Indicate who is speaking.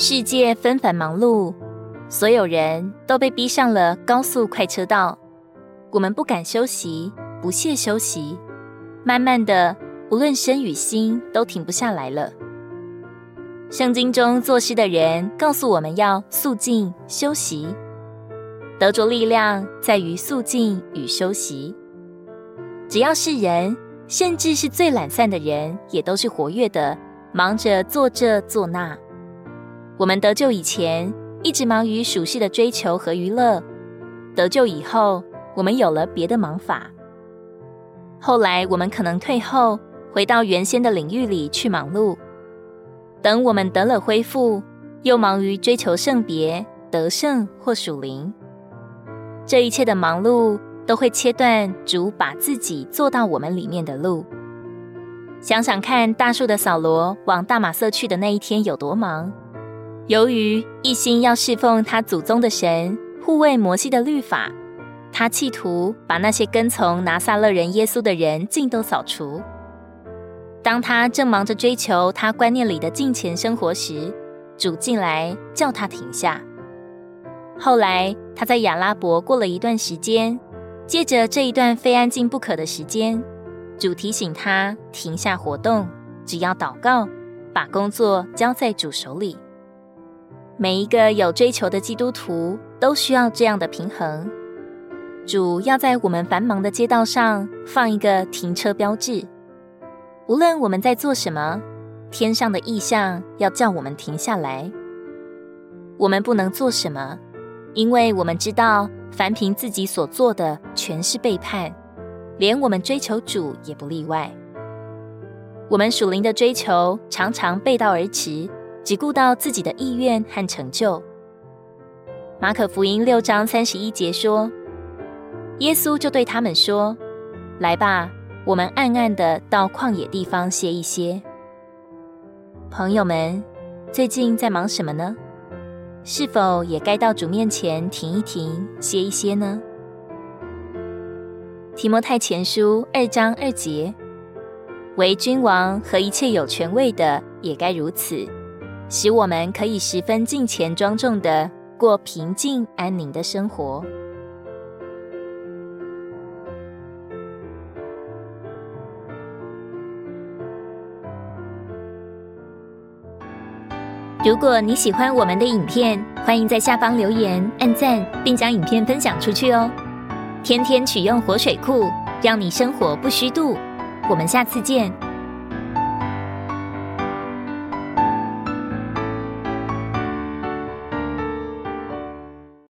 Speaker 1: 世界紛繁忙碌，所有人都被逼上了高速快車道。我們不敢休息，不屑休息，慢慢的，無論身與心都停不下來了。聖經中作詩的人告訴我們要肅靜、休息。得着力量在於肅靜與休息。只要是人，甚至是最懶散的人，也都是活躍的，忙着做這做那。我們得救以前，一直忙於屬世的追求和娛樂；得救以後，我們有了別的忙法。後來，我們可能退後，回到原先的領域裡去忙碌。等我們得了恢復，又忙於追求聖別、得勝或屬靈。這一切的忙碌，都會切斷主把自己做到我們裡面的路。想想看，大數的掃羅往大馬色去的那一天有多忙。由於一心要侍奉他祖宗的神，護衛摩西的律法，他企圖把那些跟從拿撒勒人耶穌的人盡都掃除。當他正忙着追求他觀念裡的敬虔生活時，主進來叫他停下。後來他在亞拉伯過了一段時間，借着這一段非安靜不可的時間，主提醒他停下活動，只要禱告，把工作交在主手裡。每一個有追求的基督徒都需要這樣的平衡。主要在我們繁忙的街道上放一個停車標誌，無論我們在做什麼，天上的異象要叫我們停下來。我們不能做什麼，因為我們知道凡憑自己所做的，全是背叛，連我們追求主也不例外。我們屬靈的追求常常背道而馳。只顧到自己的意願和成就。馬可福音六章三十一節說：“耶穌就對他們說，來吧，我們暗暗的到曠野地方歇一歇。”朋友們，最近在忙什麼呢？是否也該到主面前停一停，歇一歇呢？提摩太前書二章二節：“為君王和一切有權位的，也該如此。”使我們可以十分敬虔莊重的過平靜安寧的生活。如果你喜歡我們的影片，歡迎在下方留言、按讚，並將影片分享出去哦。天天取用活水庫，讓你生活不虛度。我們下次見。